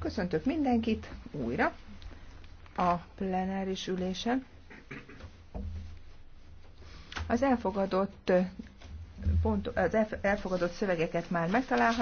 Köszöntök mindenkit újra a plenáris ülésen. Az elfogadott, pont, az elfogadott szövegeket már megtalálhatjuk.